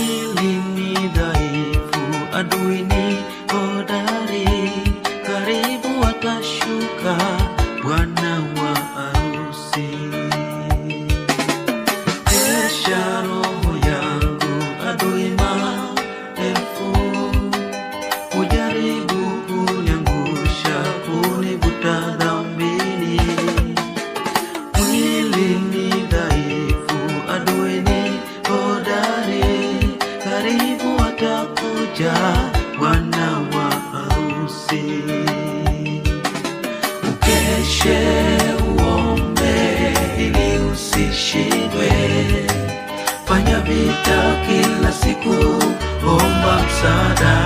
mwili ni dhaifu, adui ni hodari, karibu atashuka bwana wa arusi Kesha roho yangu, adui maelfu hujaribu kuniangusha, kunivuta dhambini mwili bwana wa arusi Ukeshe uombe ili usishindwe, fanya vita kila siku, omba msada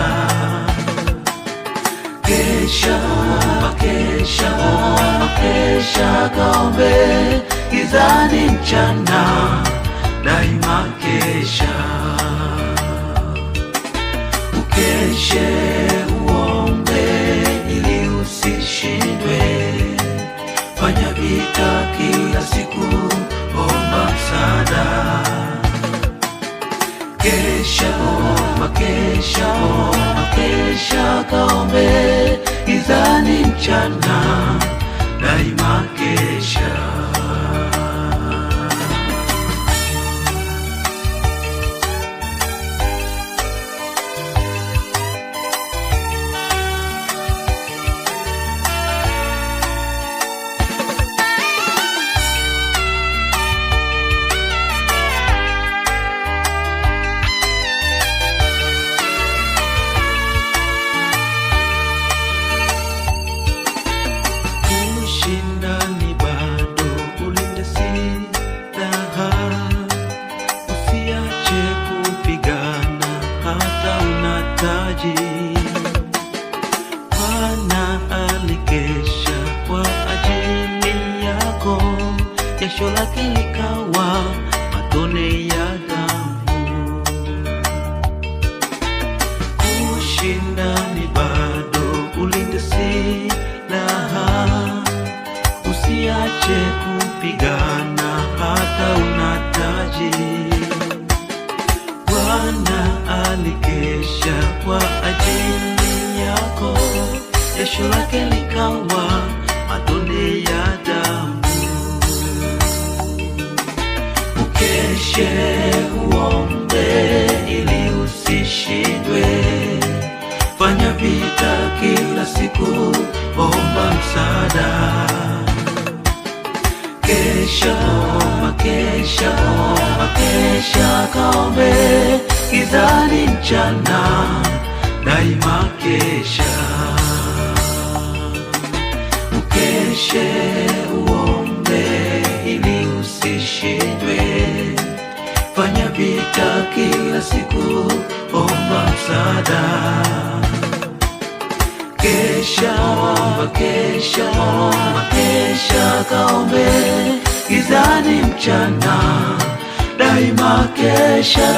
Kesha, kesha, kesha, kaombe kizani mchana kila siku omba msaada, kesha omba, kesha omba, kesha kaombe gizani mchana na alikesha kwa ajili yako, jasho lake likawa matone ya damu. Kushinda ni bado, ulinde silaha, usiache kupiga jasho lake likawa matone ya damu. Ukeshe, uombe ili usishindwe. Fanya vita kila siku, omba msaada. Kesha, omba, kesha, omba, kesha, kaombe gizani, mchana daima, kesha Uwezeshe uombe ili usishindwe, fanya vita kila siku, omba msaada, kesha kesha kesha kaombe, gizani mchana, daima kesha